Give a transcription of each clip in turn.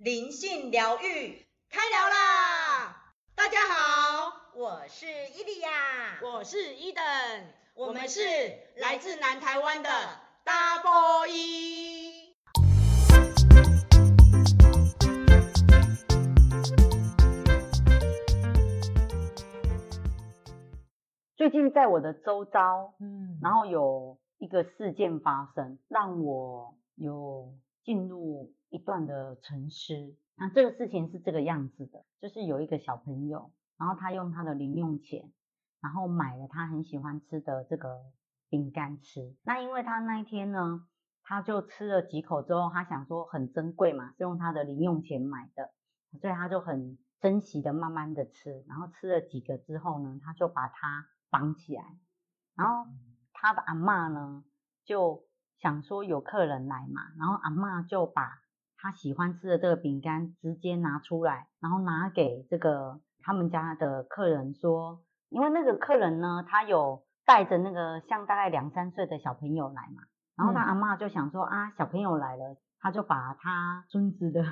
靈性療癒開聊啦！大家好，我是伊利亞，我是伊登，我們是來自南台灣的 Double E。最近在我的周遭，嗯，然後有一個事件發生，讓我有進入。一段的沉思。那這個事情是這個樣子的，就是有一個小朋友，然後他用他的零用錢，然後買了他很喜歡吃的這個餅乾吃。那因為他那一天呢，他就吃了幾口之後，他想說很珍貴嘛，是用他的零用錢買的，所以他就很珍惜的慢慢的吃。然後吃了幾個之後呢，他就把它綁起來。然後他的阿嬤呢，就想說有客人來嘛，然後阿嬤就把他喜歡吃的這個餅乾直接拿出來，然後拿給這個他們家的客人說，因為那個客人呢，他有帶着那個像大概兩三歲的小朋友來嘛，然後他阿嬤就想說啊，小朋友來了，他就把他孫子的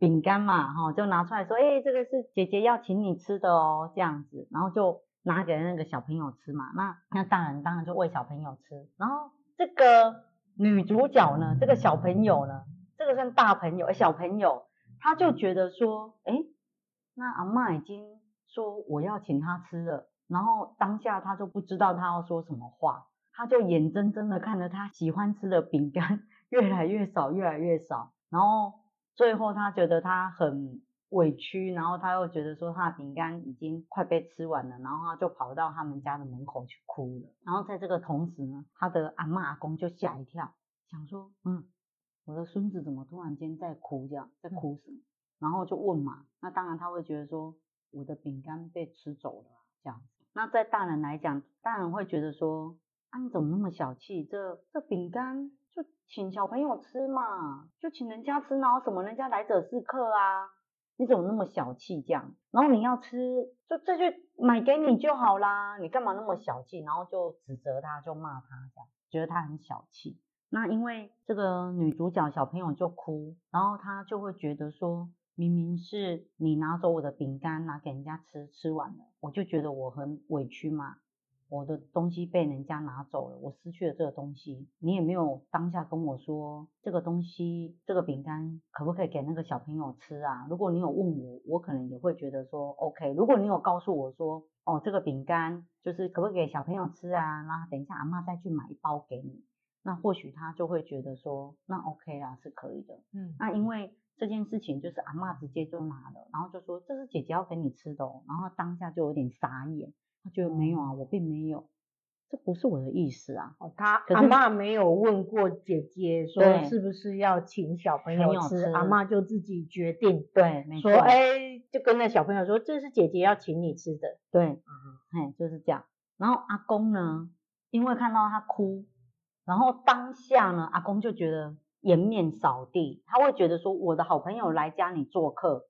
餅乾嘛，哈、哦，就拿出來說，哎，這個是姐姐要請你吃的哦，這樣子，然後就拿給那個小朋友吃嘛，那那大人當然就餵小朋友吃，然後這個女主角呢，這個小朋友呢。這個算大朋友誒，小朋友，他就覺得說，哎，那阿嬤已經說我要請他吃了，然後當下他就不知道他要說什麼話，他就眼睜睜的看着他喜歡吃的餅乾越來越少，越來越少，然後最後他覺得他很委屈，然後他又覺得說他的餅乾已經快被吃完了，然後他就跑到他們家的門口去哭了。然後在這個同時呢，他的阿嬤阿公就嚇一跳，想說，嗯。我的孫子怎麼突然間在哭？這樣在哭什麼？然後就問嘛。那當然他會覺得說，我的餅乾被吃走了。這樣，那在大人來講，大人會覺得說，啊你怎麼那麼小氣？這這餅乾就請小朋友吃嘛，就請人家吃然後。什麼人家來者是客啊？你怎麼那麼小氣？這樣，然後你要吃，就這就買給你就好啦。你幹嘛那麼小氣？然後就指責他，就罵他這樣，覺得他很小氣。那因為這個女主角小朋友就哭，然後她就會覺得說，明明是你拿走我的餅乾，拿給人家吃，吃完了，我就覺得我很委屈嘛，我的東西被人家拿走了，我失去了這個東西，你也沒有當下跟我說這個東西，這個餅乾可不可以給那個小朋友吃啊？如果你有問我，我可能也會覺得說，OK。如果你有告訴我說，哦，這個餅乾就是可不可以給小朋友吃啊？然後等一下阿嬤再去買一包給你。那或許他就會覺得說，那 OK 啦，是可以的。嗯，那、啊、因為這件事情就是阿嬤直接就拿了，然後就說這是姐姐要給你吃的。喔，哦，然後當下就有點傻眼，他就沒有啊，嗯、我並沒有，這不是我的意思啊。哦、他是阿嬤沒有問過姐姐說是不是要請小朋友吃，對友吃阿嬤就自己決定，對，說誒就跟那小朋友說這是姐姐要請你吃的。對，嗯，嘿，就是這樣。然後阿公呢，因為看到他哭。然後當下呢，阿公就覺得顏面掃地。他會覺得說，我的好朋友來家裡做客，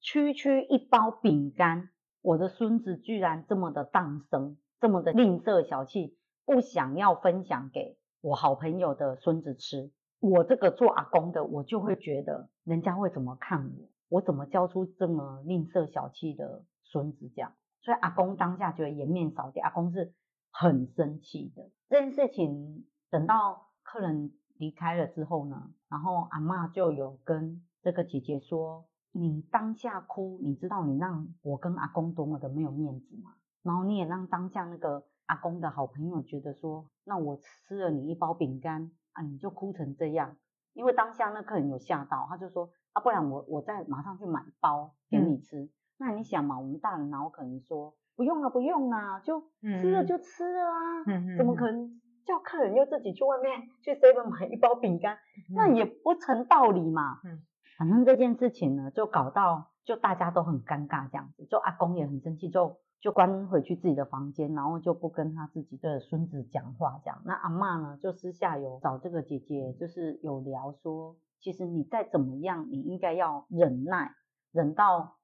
區區一包餅乾，我的孫子居然這麼的凍霜，這麼的吝嗇小氣，不想要分享給我好朋友的孫子吃。我這個做阿公的，我就會覺得人家會怎麼看我？我怎麼教出這麼吝嗇小氣的孫子這樣？所以阿公當下覺得顏面掃地。阿公是很生氣的這件事情，等到客人離開了之後呢，然後阿嬤就有跟這個姐姐說：“你當下哭，你知道你讓我跟阿公多麼的沒有面子嗎？然後你也讓當下那個阿公的好朋友覺得說，那我吃了你一包餅乾啊，你就哭成這樣，因為當下那客人有嚇到，他就說：啊，不然我我再馬上去買包給你吃。嗯、那你想嘛，我們大人然後可能說。”不用了、啊、不用了、啊，就吃了就吃了啊，嗯嗯嗯、怎麼可能叫客人又自己去外面去 seven 買一包餅乾？嗯、那也不成道理嘛。嗯、反正這件事情呢，就搞到就大家都很尷尬這樣子，就阿公也很生氣，就就關回去自己的房間，然後就不跟他自己的孫子講話這樣。那阿嬤呢，就私下有找這個姐姐，就是有聊說，其實你再怎麼樣，你應該要忍耐，忍到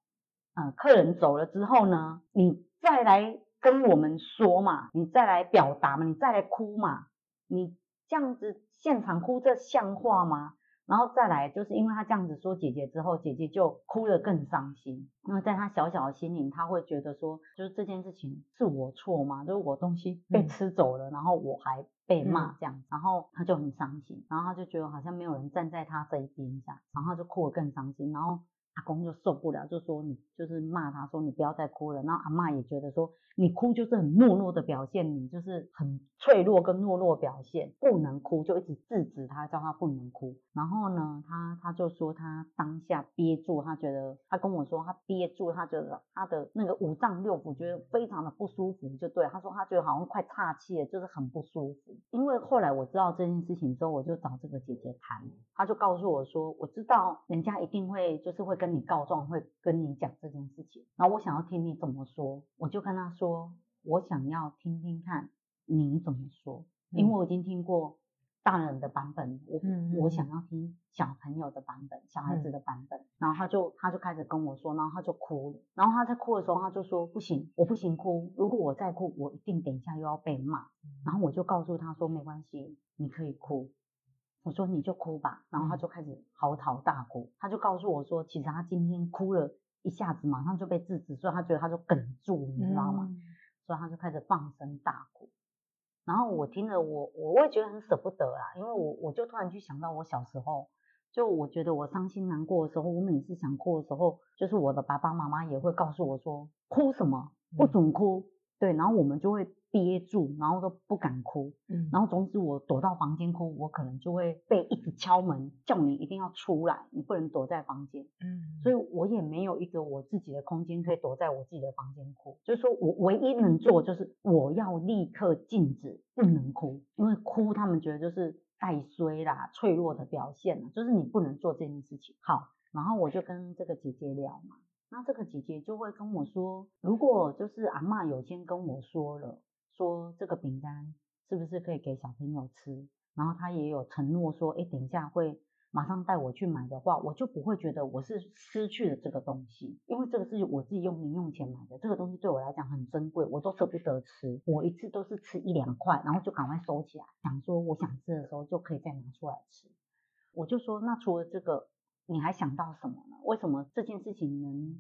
呃客人走了之後呢，你。再來跟我們說嘛，你再來表達嘛，你再來哭嘛，你這樣子現場哭這像話嗎？然後再來，就是因為他這樣子說姐姐之後，姐姐就哭得更傷心。因為在他小小的心裡他會覺得說，就是這件事情是我錯嘛，就是我東西被吃走了，然後我還被罵這樣，然後他就很傷心，然後他就覺得好像沒有人站在他這一邊一下，然後就哭得更傷心，然後。阿公就受不了，就說你就是罵他說你不要再哭了。然後阿嬤也覺得說你哭就是很懦弱的表現，你就是很脆弱跟懦弱的表現，不能哭，就一直制止他，叫他不能哭。然後呢，他他就說他當下憋住，他覺得他跟我說他憋住，他覺得他的那個五臟六腑覺得非常的不舒服，就對他說他覺得好像快岔氣了，就是很不舒服。因為後來我知道這件事情之後，我就找這個姐姐談，她就告訴我說我知道人家一定會就是會跟。跟你告狀會跟你講這件事情，然後我想要聽你怎麼說，我就跟他說，我想要聽聽看你怎麼說，嗯、因為我已經聽過大人的版本，我、嗯、哼哼我想要聽小朋友的版本，小孩子的版本，嗯、然後他就他就開始跟我說，然後他就哭了，然後他在哭的時候他就說，不行，我不行哭，如果我再哭，我一定等一下又要被罵，嗯、然後我就告訴他說，沒關係，你可以哭。我說你就哭吧，然後他就開始嚎啕大哭。他就告訴我說，其實他今天哭了一下子，馬上就被制止，所以他覺得他就梗住，你知道嗎？嗯、所以他就開始放聲大哭。然後我聽了，我我會覺得很捨不得啊，因為我我就突然去想到我小時候，就我覺得我傷心難過的時候，我每次想哭的時候，就是我的爸爸媽媽也會告訴我說，哭什麼，不准哭。嗯對，然後我們就會憋住，然後都不敢哭。嗯，然後總之我躲到房間哭，我可能就會被一直敲門，叫你一定要出來，你不能躲在房間。嗯，所以我也沒有一個我自己的空間可以躲在我自己的房間哭，就是說我唯一能做就是我要立刻禁止不能哭，因為哭他們覺得就是帶衰啦，脆弱的表現啦，就是你不能做這件事情。好，然後我就跟這個姐姐聊嘛。那這個姐姐就會跟我說，如果就是阿嬤有先跟我說了，說這個餅乾是不是可以給小朋友吃，然後她也有承諾說，誒、欸，等一下會馬上帶我去買的話，我就不會覺得我是失去了這個東西，因為這個是我自己用零用錢買的，這個東西對我來講很珍貴，我都捨不得吃，我一次都是吃一兩塊，然後就趕快收起來，想說我想吃的時候就可以再拿出來吃。我就說，那除了這個。你還想到什麼呢？為什麼這件事情能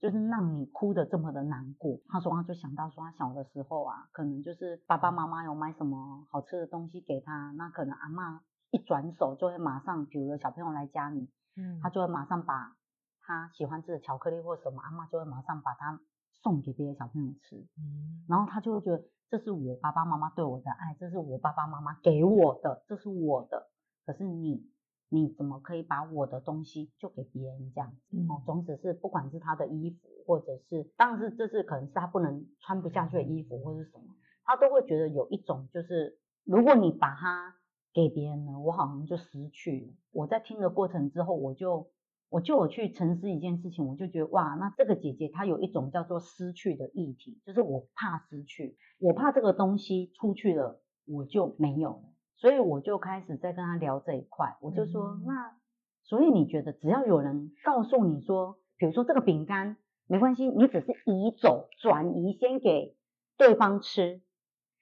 就是讓你哭得這麼的難過？他說他就想到說他小的時候啊，可能就是爸爸媽媽有買什麼好吃的東西給他，那可能阿嬤一轉手就會馬上，比如小朋友來家裡，嗯，他就會馬上把他喜歡吃的巧克力或什麼，阿嬤就會馬上把他送給別的小朋友吃，嗯，然後他就會覺得這是我爸爸媽媽對我的愛，這是我爸爸媽媽給我的，這是我的，可是你。你怎麼可以把我的東西就給別人這樣子？哦，總之是不管是他的衣服，或者是，但是這是可能是他不能穿不下去的衣服或是什麼，他都會覺得有一種就是，如果你把它給別人呢，我好像就失去了。我在聽的過程之後，我就我就有去沉思一件事情，我就覺得哇，那這個姐姐她有一種叫做失去的議題，就是我怕失去，我怕這個東西出去了我就沒有了。所以我就開始在跟他聊這一塊，我就說那，所以你覺得只要有人告訴你說，比如說這個餅乾沒關係，你只是移走、轉移，先給對方吃，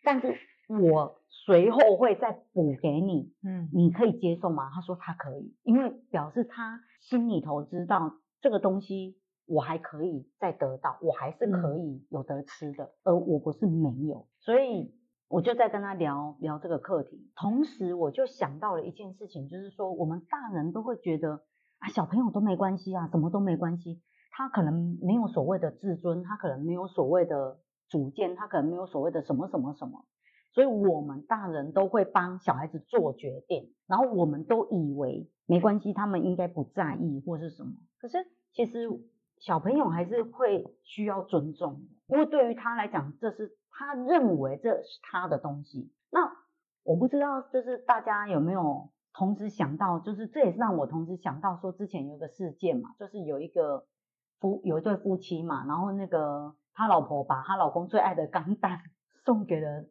但是我隨後會再補給你，嗯，你可以接受嗎？他說他可以，因為表示他心裡頭知道這個東西我還可以再得到，我還是可以有得吃的，而我不是沒有，所以。我就在跟他聊聊這個課題，同時我就想到了一件事情，就是說我們大人都會覺得啊，小朋友都沒關係啊，什麼都沒關係。他可能沒有所謂的自尊，他可能沒有所謂的主見，他可能沒有所謂的什麼什麼什麼。所以我們大人都會幫小孩子做決定，然後我們都以為沒關係，他們應該不在意或是什麼。可是其實小朋友還是會需要尊重。因為對於他來講，這是他認為這是他的東西。那我不知道，就是大家有沒有同時想到，就是這也是讓我同時想到說，之前有一個事件嘛，就是有一個夫有一對夫妻嘛，然後那個他老婆把他老公最愛的鋼彈送給了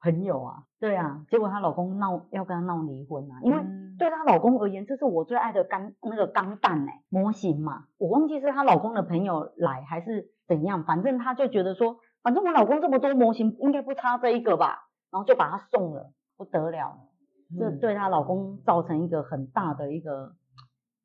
朋友啊，對啊，嗯、結果她老公鬧要跟他鬧離婚啊，因為對她老公而言，這是我最愛的鋼那個鋼彈哎、欸、模型嘛，我忘記是她老公的朋友來還是。怎樣？反正她就覺得說，反正我老公這麼多模型，應該不差這一個吧，然後就把它送了，不得了，這對她老公造成一個很大的一個，嗯、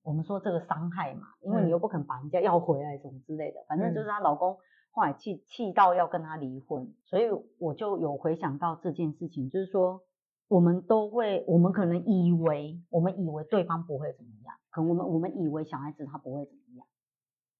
我們說這個傷害嘛，因為你又不肯把人家要回來什麼之類的，嗯、反正就是她老公後來氣氣到要跟她離婚，所以我就有回想到這件事情，就是說我們都會，我們可能以為我們以為對方不會怎麼樣，可能我們我們以為小孩子他不會怎麼樣，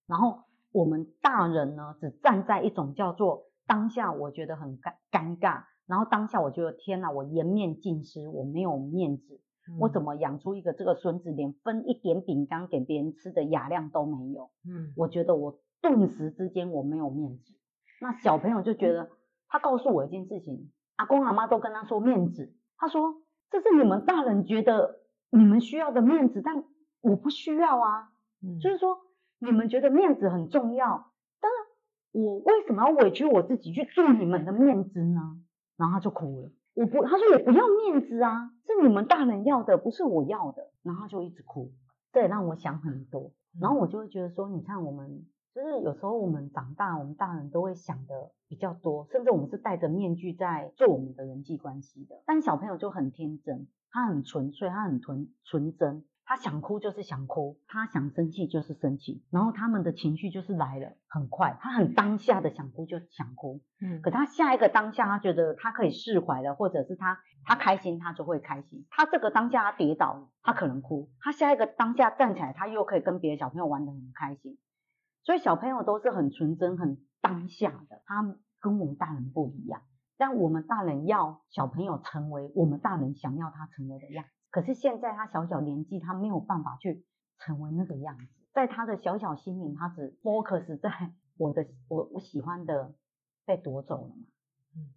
然後。我們大人呢，只站在一種叫做當下，我覺得很尷尷尬，然後當下我覺得天哪，我顏面盡失，我沒有面子，嗯、我怎麼養出一個這個孫子，連分一點餅乾給別人吃的雅量都沒有？嗯，我覺得我頓時之間我沒有面子。那小朋友就覺得，他告訴我一件事情，阿公阿媽都跟他說面子，他說這是你們大人覺得你們需要的面子，但我不需要啊，嗯，就是說。你們覺得面子很重要，但是我為什麼要委屈我自己去做你們的面子呢？然後他就哭了。我不，他說我不要面子啊，是你們大人要的，不是我要的。然後他就一直哭，這也讓我想很多。然後我就會覺得說，你看我們，就是有時候我們長大，我們大人都會想的比較多，甚至我們是戴着面具在做我們的人際關係的。但小朋友就很天真，他很純粹，他很純純真。他想哭就是想哭，他想生氣就是生氣，然後他們的情緒就是來了很快，他很當下的想哭就想哭，嗯，可他下一個當下他覺得他可以釋懷了，或者是他他開心他就會開心，他這個當下他跌倒了他可能哭，他下一個當下站起來他又可以跟別的小朋友玩得很開心，所以小朋友都是很純真很當下的，他跟我們大人不一樣，但我們大人要小朋友成為我們大人想要他成為的樣可是現在他小小年紀，他沒有辦法去成為那個樣子，在他的小小心靈，他只 focus 在我的我我喜歡的被奪走了嘛，嗯，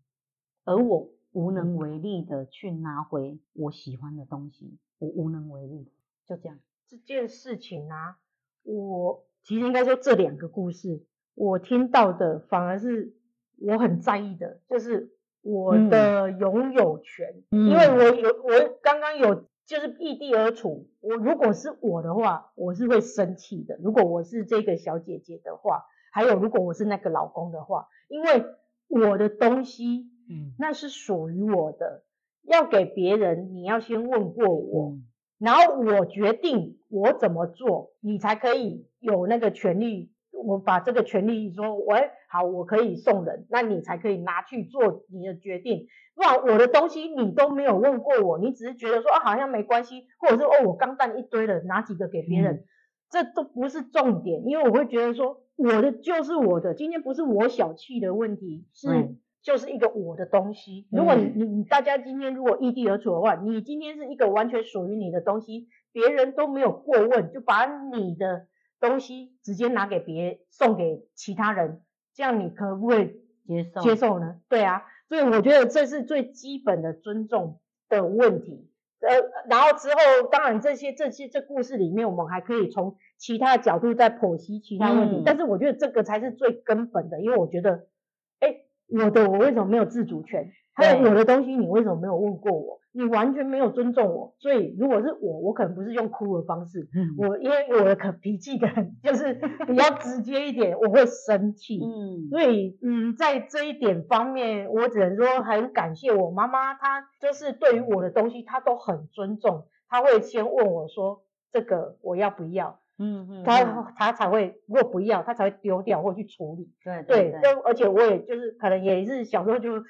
而我無能為力的去拿回我喜歡的東西，我無能為力，就這樣。這件事情啊，我其實應該說這兩個故事，我聽到的反而是我很在意的，就是。我的擁有權，嗯、因為我有我剛剛有就是易地而處。我如果是我的話，我是會生氣的。如果我是這個小姐姐的話，還有如果我是那個老公的話，因為我的東西，嗯，那是屬於我的，嗯、要給別人，你要先問過我，嗯、然後我決定我怎麼做，你才可以有那個權利。我把這個權利說，喂，好，我可以送人，那你才可以拿去做你的決定。不然我的東西你都沒有問過我，你只是覺得說啊，好像沒關係，或者是哦，我剛彈一堆了，拿幾個給別人，嗯、這都不是重點，因為我會覺得說，我的就是我的，今天不是我小氣的問題，是、嗯、就是一個我的東西。如果你，你，你大家今天如果異地而處的話，你今天是一個完全屬於你的東西，別人都沒有過問，就把你的。東西直接拿給別人送給其他人，這樣你可不可以接受接受呢？對啊，所以我覺得這是最基本的尊重的問題。呃，然後之後當然這些這些這故事裡面，我們還可以從其他角度再剖析其他問題，嗯、但是我覺得這個才是最根本的，因為我覺得，哎，我的我為什麼沒有自主權？還有我的東西，你為什麼沒有問過我？你完全沒有尊重我，所以如果是我，我可能不是用哭的方式。我因為我的可脾氣很，就是比較直接一點， 我會生氣。嗯，所以嗯，在這一點方面，我只能說很感謝我媽媽，她就是對於我的東西，她都很尊重，她會先問我說這個我要不要？嗯嗯， 她她才會如果不要，她才會丟掉或去處理。對對，對，對，對，而且我也就是可能也是小時候就。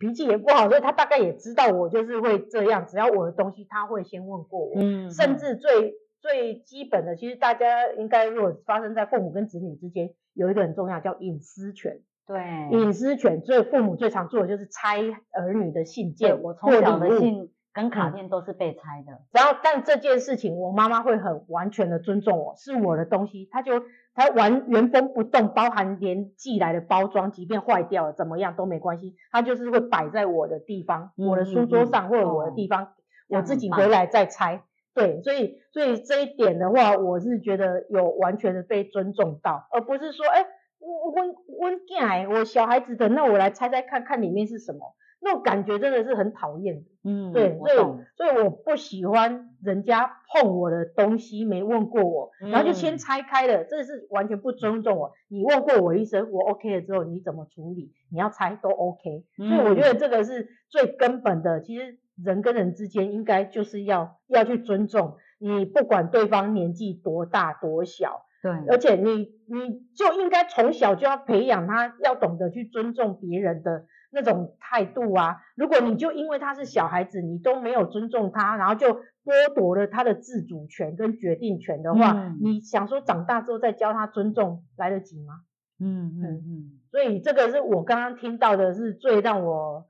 脾氣也不好，所以他大概也知道我就是會這樣。只要我的東西，他會先問過我。嗯，甚至最最基本的，其實大家應該如果發生在父母跟子女之間，有一個很重要叫隱私權。對，隱私權，所以父母最常做的就是拆兒女的信件。對，我從小的信跟卡片都是被拆的。嗯，嗯，然後，但這件事情，我媽媽會很完全的尊重我，是我的東西，她就。它完原封不動，包含連寄來的包裝，即便壞掉了怎麼樣都沒關係。他就是會擺在我的地方，嗯嗯嗯，我的書桌上，或者我的地方，嗯嗯嗯、我自己回來再拆。嗯、對，所以所以這一點的話，我是覺得有完全的被尊重到，而不是說，哎、欸，我我我我，我小孩子的，那我來拆拆看看裡面是什麼。那種感覺真的是很討厭的，嗯，對，所以哇塞，所以我不喜歡人家碰我的東西，沒問過我，然後就先拆開了，嗯、這是完全不尊重我。你問過我一聲，我 OK 了之後，你怎麼處理？你要拆都 OK。嗯、所以我覺得這個是最根本的。其實人跟人之間應該就是要要去尊重你，不管對方年紀多大多小，對，而且你你就應該從小就要培養他，要懂得去尊重別人的。那種態度啊！如果你就因為他是小孩子，嗯、你都沒有尊重他，然後就剝奪了他的自主權跟決定權的話，嗯、你想說長大之後再教他尊重來得及嗎？嗯嗯嗯。所以這個是我剛剛聽到的是最讓我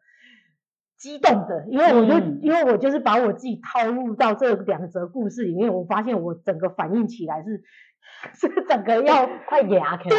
激動的，因為我就、嗯、因為我就是把我自己套入到這兩則故事裡面，我發現我整個反應起來是是整個要快點啊！對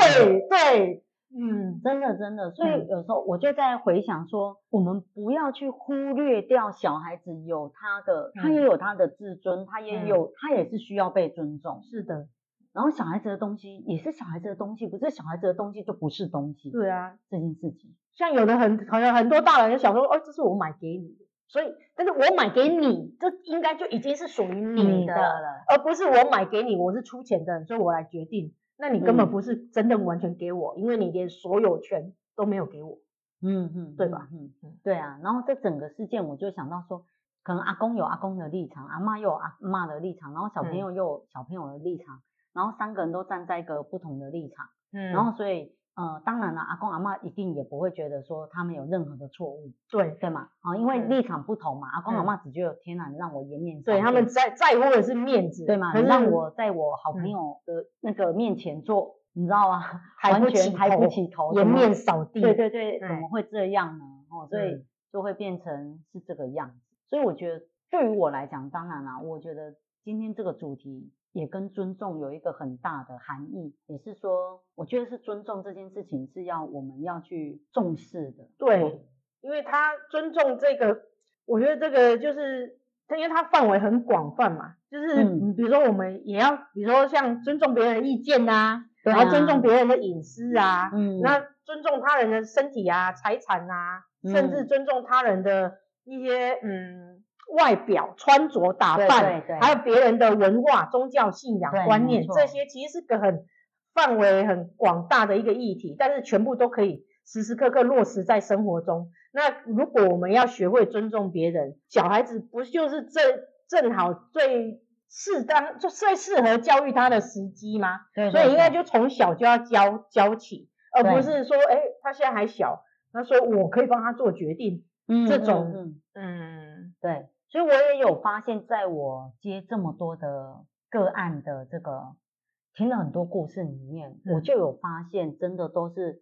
對。嗯，真的真的，所以有時候我就在回想說，嗯、我們不要去忽略掉小孩子有他的，嗯、他也有他的自尊，嗯、他也有他也是需要被尊重。嗯、是的，然後小孩子的東西也是小孩子的東西，不是小孩子的東西就不是東西。對啊，這件事情。像有的很，好像很多大人就想說，哦，這是我買給你的，所以但是我買給你，這應該就已經是屬於你,你的了，而不是我買給你，我是出錢的，所以我來決定。那你根本不是真的完全給我，嗯、因為你連所有權都沒有給我，嗯嗯，對吧？嗯嗯，對啊。然後這整個事件，我就想到說，可能阿公有阿公的立場，阿嬤又有阿嬤的立場，然後小朋友又有小朋友的立場，嗯、然後三個人都站在一個不同的立場，嗯，然後所以。呃，當然了，阿公阿嬤一定也不會覺得說他們有任何的錯誤，對對嘛嗎，啊，因為立場不同嘛，嗯、阿公阿嬤只覺得天然讓我顏面掃地，嗯、對，他們在在乎的是面子，對嘛？是讓我在我好朋友的那個面前做，你知道嗎？完全抬不起頭，顏面掃地，對對對，對怎麼會這樣呢？哦、喔，所以就會變成是這個樣子，所以我覺得對於我來講，當然啦，我覺得今天這個主題，也跟尊重有一個很大的含義，也是說，我覺得是尊重這件事情是要我們要去重視的。對，因為他尊重這個，我覺得這個就是，因為他範圍很廣泛嘛，就是，嗯，比如說我們也要，比如說像尊重別人的意見啊，嗯，然後尊重別人的隱私啊，嗯，嗯，那尊重他人的身體啊、財產啊，甚至尊重他人的一些嗯。嗯外表、穿着、打扮，對對對，還有別人的文化、宗教、信仰、對觀念，錯這些其實是個很範圍很廣大的一個議題。但是全部都可以時時刻刻落實在生活中。那如果我們要學會尊重別人，小孩子不就是正正好最適當就最適合教育他的時機嗎？對所以應該就從小就要教教起，而不是說，哎對、欸，他現在還小，他說我可以幫他做決定，嗯、這種，嗯，嗯對。所以，我也有發現，在我接這麼多的個案的這個聽了很多故事裡面，我就有發現，真的都是，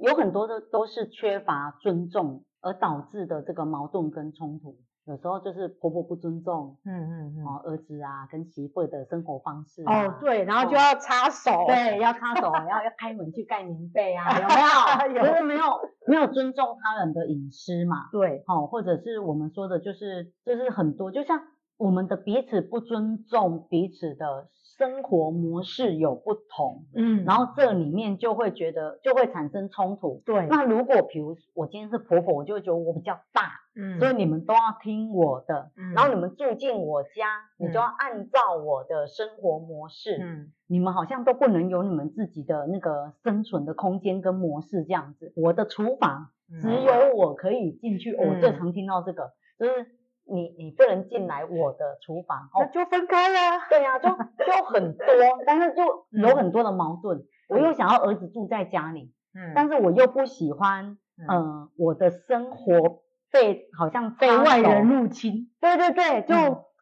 有很多的都是缺乏尊重而導致的這個矛盾跟衝突。有時候就是婆婆不尊重，嗯嗯嗯，嗯嗯兒子啊跟媳婦的生活方式、啊、哦對，然後就要插手，哦、對，要插手，然後 要，要開門去蓋棉被啊，有沒有？ 就是沒有 沒有尊重他人的隱私嘛？對，哦，或者是我們說的就是就是很多，就像我們的彼此不尊重彼此的。生活模式有不同，嗯，然後這裡面就會覺得就會產生衝突，對。那如果比如我今天是婆婆，我就會覺得我比較大，嗯，所以你們都要聽我的，嗯、然後你們住進我家，嗯、你就要按照我的生活模式，嗯，你們好像都不能有你們自己的那個生存的空間跟模式這樣子。我的廚房只有我可以進去，嗯哦、我最常聽到這個，是。你你不能進來我的廚房，那就分開了。對呀，就就很多，但是就有很多的矛盾。我又想要兒子住在家裡，嗯，但是我又不喜歡，嗯，我的生活被好像被外人入侵。對對對，就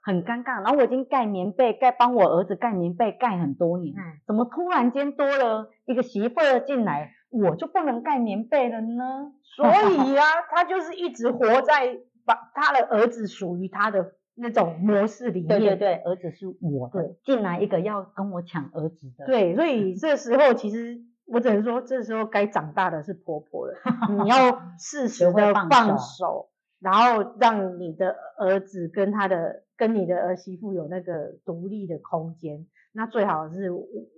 很尷尬。然後我已經蓋棉被，蓋幫我兒子蓋棉被蓋很多年，怎麼突然間多了一個媳婦進來，我就不能蓋棉被了呢？所以呀，他就是一直活在。把他的兒子屬於他的那種模式裡面，對對對，兒子是我的，進來一個要跟我搶兒子的，嗯、對，所以這時候其實我只能說，這時候該長大的是婆婆了， 你要適時的放手，手然後讓你的兒子跟他的跟你的兒媳婦有那個獨立的空間，那最好是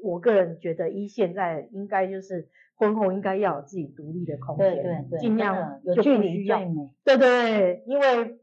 我個人覺得，依現在應該就是。婚後應該要有自己獨立的空間，對對對，盡量需要、嗯、有距離要，對對對，因為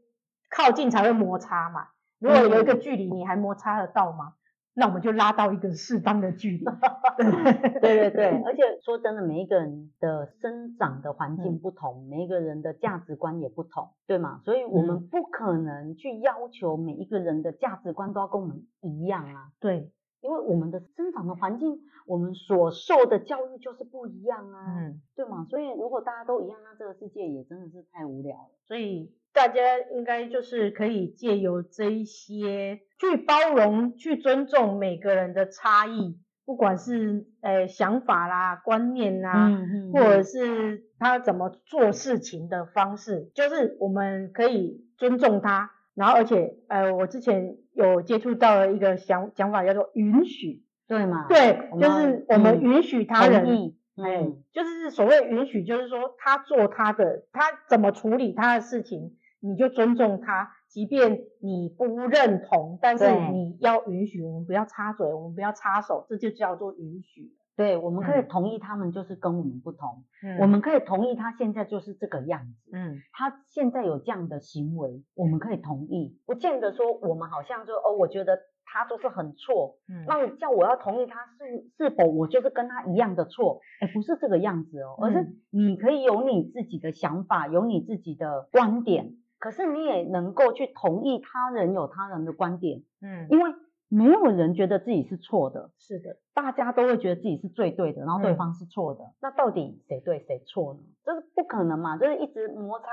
靠近才會摩擦嘛。如果有一個距離，你還摩擦得到嗎？嗯、那我們就拉到一個適當的距離。嗯、對，對對對，而且說真的，每一個人的生長的環境不同，嗯、每一個人的價值觀也不同，對嗎？所以我們不可能去要求每一個人的價值觀都要跟我們一樣啊。對。因為我們的生長的環境，我們所受的教育就是不一樣啊，嗯、對嗎？所以如果大家都一樣，那這個世界也真的是太無聊了。所以大家應該就是可以借由這一些去包容、去尊重每個人的差異，不管是誒、呃、想法啦、觀念啦，嗯嗯、或者是他怎麼做事情的方式，嗯、就是我們可以尊重他。然後，而且，呃，我之前有接觸到了一個想講法，叫做允許，對嗎？對，就是我們允許他人，同意、同意、嗯、哎，就是所謂允許，就是說他做他的，他怎麼處理他的事情，你就尊重他，即便你不認同，但是你要允許，我們不要插嘴，我們不要插手，這就叫做允許。對，我們可以同意他們就是跟我們不同，嗯，我們可以同意他現在就是這個樣子，嗯，他現在有這樣的行為，嗯、我們可以同意，不見得說我們好像就哦，我覺得他就是很錯，嗯，那叫我要同意他是是否我就是跟他一樣的錯？哎、欸，不是這個樣子哦，嗯、而是你可以有你自己的想法，有你自己的觀點，可是你也能夠去同意他人有他人的觀點，嗯，因為。沒有人覺得自己是錯的，是的，大家都會覺得自己是最對的，然後對方是錯的，嗯、那到底誰對誰錯呢？這是不可能嘛？就是一直摩擦、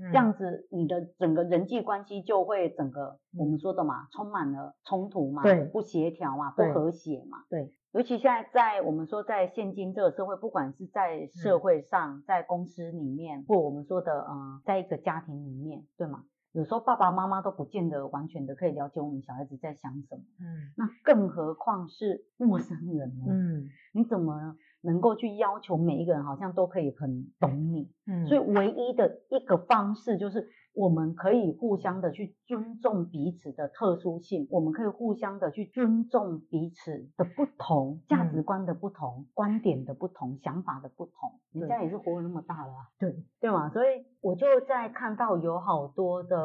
嗯、這樣子，你的整個人際關係就會整個、嗯、我們說的嘛，充滿了衝突嘛，對，不協調嘛，不和諧嘛，對。對，尤其現在在我們說在現今這個社會，不管是在社會上，嗯、在公司裡面，或我們說的啊，呃、在一個家庭裡面，對嗎？有時候爸爸媽媽都不見得完全的可以了解我們小孩子在想什麼，嗯，那更何況是陌生人呢？嗯，你怎麼能夠去要求每一個人好像都可以很懂你？嗯，所以唯一的一個方式就是。我們可以互相的去尊重彼此的特殊性，我們可以互相的去尊重彼此的不同、價值觀的不同、嗯、觀點的不同、想法的不同。你、嗯、人家也是活了那麼大了，對對嘛？所以我就在看到有好多的，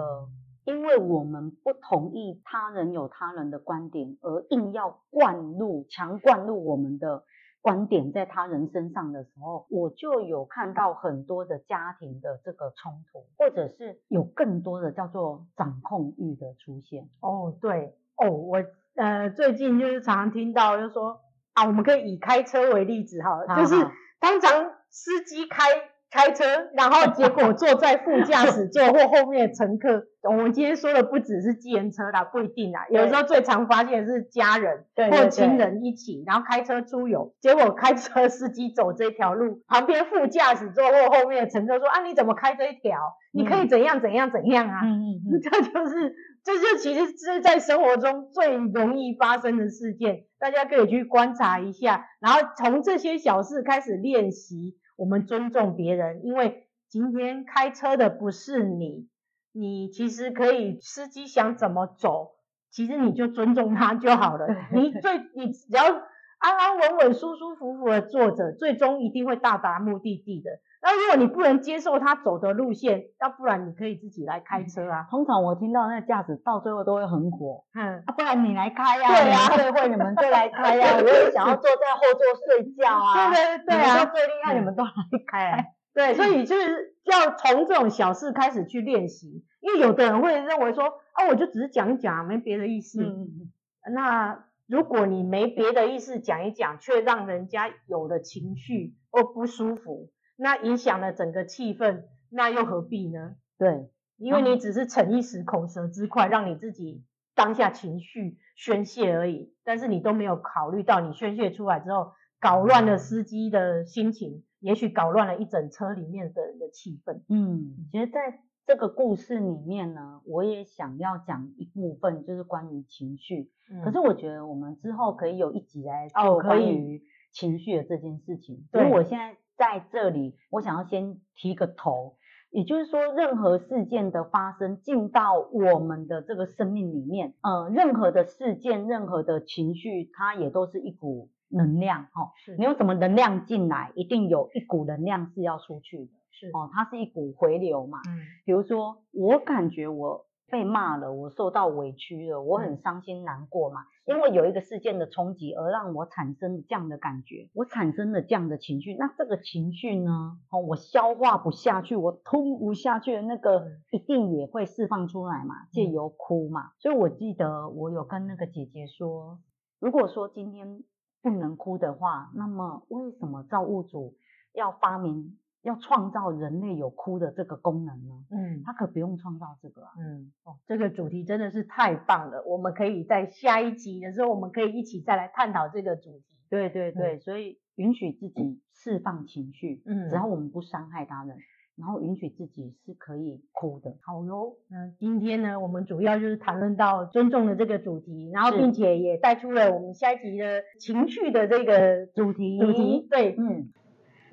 因為我們不同意他人有他人的觀點，而硬要灌入、強灌入我們的。觀點在他人身上的時候，我就有看到很多的家庭的這個衝突，或者是有更多的叫做掌控欲的出現。哦，對，哦，我呃最近就是常常聽到，就說啊，我們可以以開車為例子哈，好就是當咱、嗯、司機開。開車，然後結果坐在副駕駛座 或後面的乘客， 我們今天說的不只是計程車啦，不一定啦。對有時候最常發現的是家人對對對對或親人一起，然後開車出遊，結果開車司機走這條路，嗯、旁邊副駕駛座或後面的乘客說：“嗯、啊，你怎麼開這一條？嗯、你可以怎樣怎樣怎樣啊？”嗯嗯嗯，這、嗯嗯、 就是，這就是、其實是在生活中最容易發生的事件，大家可以去觀察一下，然後從這些小事開始練習。我們尊重別人，因為今天開車的不是你，你其實可以，司機想怎麼走，其實你就尊重他就好了。你最，你只要安安穩穩、舒舒服服的坐着，最終一定會到達目的地的。那如果你不能接受他走的路線，要不然你可以自己來開車啊。嗯、通常我聽到那個架子到最後都會很火。嗯，啊、不然你來開呀、啊。對呀、啊，對對，你們都來開呀、啊。 我也想要坐在後座睡覺啊。對對對啊！你們最厲害，你們都來開、啊。對，所以就是要從這種小事開始去練習。因為有的人會認為說啊，我就只是講講，沒別的意思。嗯，那如果你沒別的意思講一講，卻讓人家有了情緒哦，不舒服。那影響了整個氣氛，那又何必呢？對，因為你只是逞一時口舌之快，讓你自己當下情緒宣洩而已。但是你都沒有考慮到，你宣洩出來之後搞亂了司機的心情，嗯、也許搞亂了一整車裡面的人的氣氛。嗯，其實在這個故事裡面呢，我也想要講一部分，就是關於情緒。嗯、可是我覺得我們之後可以有一集來哦，可以關於情緒的這件事情。對，所以我現在。在這裡，我想要先提個頭，也就是說，任何事件的發生進到我們的這個生命裡面，呃，任何的事件、任何的情緒，它也都是一股能量哦，是。你有什麼能量進來，一定有一股能量是要出去的。是。哦，它是一股回流嘛。嗯。比如說，我感覺我。被罵了，我受到委屈了，我很傷心難過嘛。嗯、因為有一個事件的衝擊，而讓我產生這樣的感覺，我產生了這樣的情緒。那這個情緒呢，哦，我消化不下去，我吞不下去的那個，一定也會釋放出來嘛，借由哭嘛。嗯、所以我記得我有跟那個姐姐說，如果說今天不能哭的話，那麼為什麼造物主要發明？要創造人類有哭的這個功能呢？嗯，他可不用創造這個啊。嗯、哦，這個主題真的是太棒了。我們可以在下一集的時候，我們可以一起再來探討這個主題。對對對，嗯、所以允許自己釋放情緒，嗯，只要我們不傷害他人，然後允許自己是可以哭的。好喲，嗯，今天呢，我們主要就是談論到尊重的這個主題，然後並且也帶出了我們下一集的情緒的這個主題。是主題對，嗯。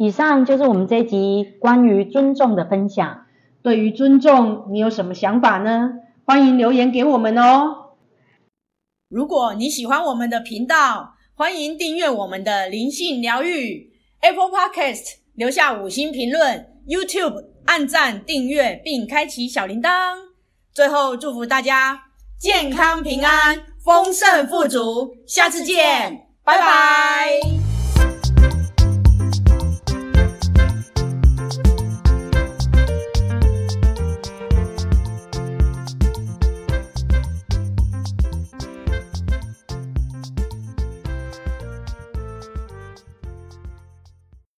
以上就是我們這一集關於尊重的分享。對於尊重，你有什麼想法呢？歡迎留言給我們哦。如果你喜歡我們的頻道，歡迎訂閱我們的靈性療癒 Apple Podcast，留下五星評論。YouTube 按讚、訂閱並開啟小鈴鐺。最後，祝福大家健康平安、豐盛富足。下次見，拜拜。